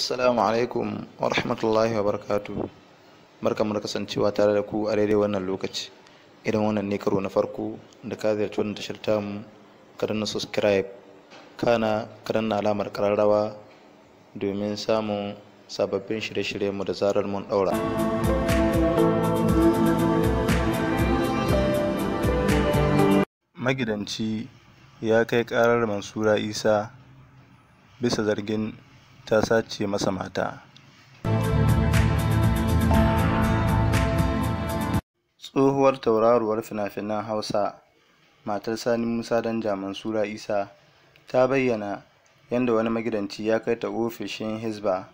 Assalamu alaikum wa rahmatullahi wa barakatu. Marka mu kasancewa tare da ku a daidai wannan lokaci. Idan wannan ne karo na farko da ka ziyarci wannan tashar tamu, ka danna subscribe, kana ka danna alamar kararrawa domin samun sababbin shirye-shirye mu da zarar mun daura. Magidanci ya kai karar Mansura Isa bisa zargin ta sace masa mata tsohuwar tauraruwar fina-finan hausa matar sani musa dan jaman sura isa ta bayyana yadda wani magidanci ya kai ta ofishin hisba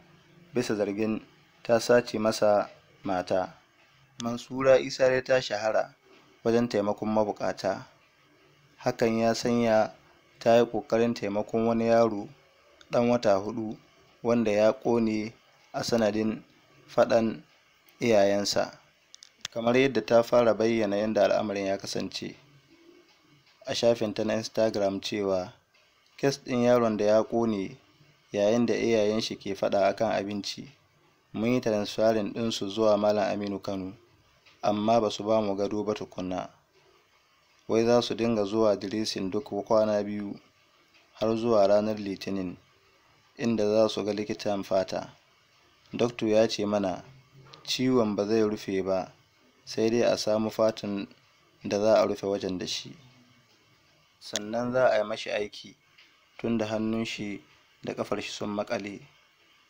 bisa zargin ta sace masa mata mansura isa dai ta shahara wajen taimakon mabukata hakan ya sanya ta yi ƙoƙarin taimakon wani yaro ɗan wata hudu wanda ya ƙone a sanadin faɗan iyayensa kamar yadda ta fara bayyana yadda al'amarin ya kasance a shafinta na instagram cewa kes ɗin yaron da ya ƙone yayin da iyayen shi ke faɗa akan abinci mun yi transferin ɗinsu zuwa malam aminu kano amma ba su ba mu gado ba tukuna. wai za su dinga zuwa diresin duk kwana biyu har zuwa ranar litinin inda za su ga likitan fata. doktor ya ce mana ciwon ba zai rufe ba sai dai a samu fatan da za a rufe wajen da shi. Sannan za a yi mashi aiki tun da hannun shi da ƙafar shi sun maƙale.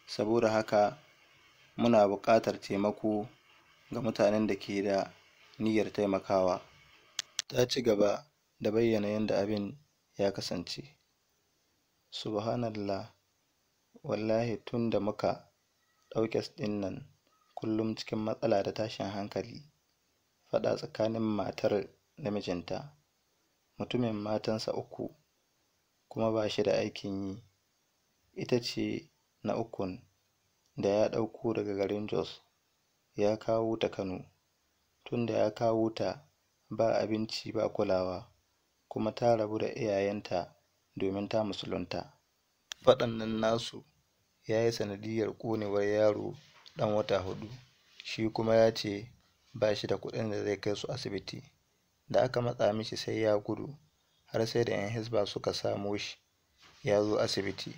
Saboda haka muna buƙatar taimako ga mutanen da ke da niyyar taimakawa. Ta ci gaba da bayyana yadda abin ya kasance. Subhanallah. Wallahi tun da muka ɗau kes ɗin nan kullum cikin matsala da tashin hankali, faɗa tsakanin matar da mijinta, mutumin matansa uku kuma ba shi da aikin yi, ita ce na ukun da ya ɗauko daga garin Jos ya kawo ta Kano, tun da ya kawo ta ba abinci ba kulawa kuma ta rabu da iyayenta domin ta musulunta. Faɗannan nasu ya yi sanadiyyar ƙonewar yaro ɗan wata hudu shi kuma ya ce ba shi da kuɗin da zai kai su asibiti da aka matsa mishi sai ya gudu har sai da 'yan hisba suka samo shi ya zo asibiti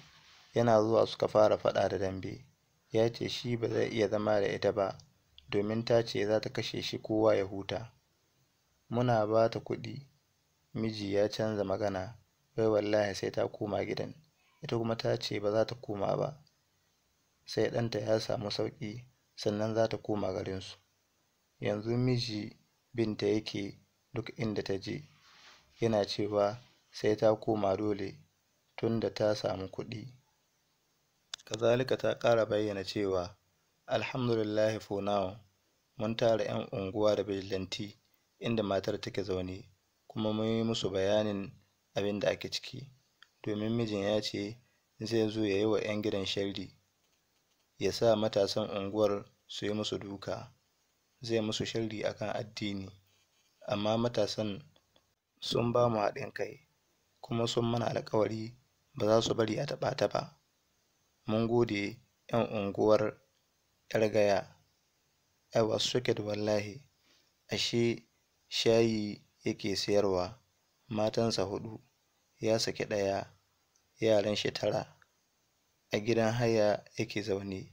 yana zuwa suka fara faɗa da dambe ya ce shi ba zai iya zama da ita ba domin ta ce za ta kashe shi kowa ya huta muna ba ta kuɗi miji ya canza magana wai wallahi sai ta koma gidan ita kuma ta ce ba za ta koma ba sai ɗanta ya samu sauƙi sannan za ta koma garinsu yanzu miji binta yake duk inda ta je yana cewa sai ta koma dole tunda ta samu kuɗi kazalika ta ƙara bayyana cewa alhamdulillahi for now mun tara 'yan unguwa da bijilanti inda matar take zaune kuma mun yi musu bayanin abin da ake ciki domin mijin ya ce zai zo ya yi wa 'yan gidan sharri ya sa matasan unguwar su yi musu duka zai musu sharri kan addini amma matasan sun ba mu haɗin kai kuma sun mana alkawari ba za su bari a taɓa taɓa mun gode 'yan unguwar 'yar gaya I wallahi ashe shayi yake sayarwa matansa huɗu ya saki ɗaya yaran shi tara a gidan haya yake zaune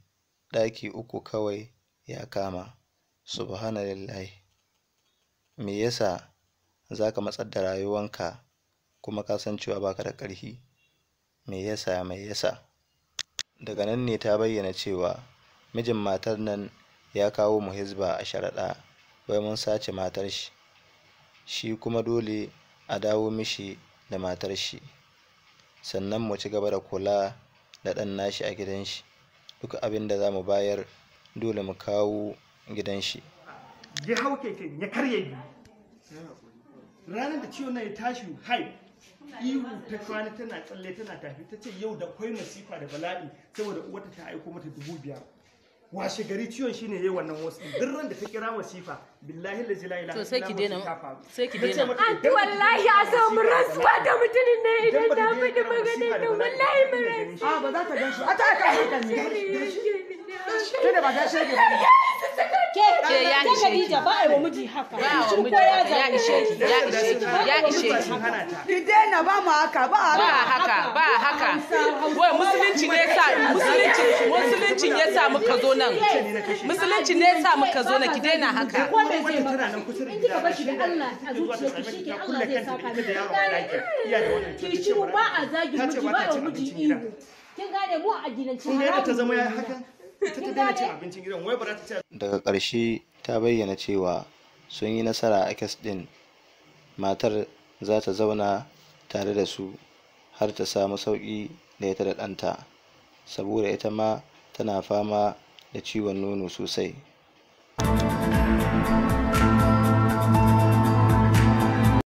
ɗaki uku kawai ya kama subhanallahi me yasa zaka matsar da rayuwanka kuma ka san cewa baka da ƙarfi me yasa me yasa daga nan ne ta bayyana cewa mijin matar nan ya kawo mu hizba a sharaɗa wai mun sace matar shi shi kuma dole a dawo mishi da matar shi sannan mu ci gaba da kula da ɗan nashi a gidan shi duk abin da za mu bayar dole mu kawo gidan shi ya hau keken ya karye biyu ranar da ciwon ya tashi hai ihu ta kwana tana tsalle tana tafi ta ce yau da kwai masifa da bala'i saboda uwata ta aiko mata dubu biyar washe gari ciwon shine yayi wannan wasu ɗirran da ta kira wasifa billahi la to sai ki sai ki a rasuwa da mutumin ne idan da da ta gan shi a ta ne ba ta ba ke ya ishe ki ba ai wa miji haka ya ishe ki ya ishe ki ya ishe ki ki ba mu haka ba haka ba haka wai musulunci ne sa musulunci musulunci ne muka zo nan musulunci ne muka zo nan ki daina haka ko me zai in kika bashi da Allah a zuciyarki shike Allah zai saka ki ba a zagi miji ba a miji ihu kin gane mu a gidan haramun ne ta zama haka daga ƙarshe ta bayyana cewa sun yi nasara a kes ɗin matar za ta zauna tare da su har ta samu sauƙi da ita da ɗanta saboda ita ma tana fama da ciwon nono sosai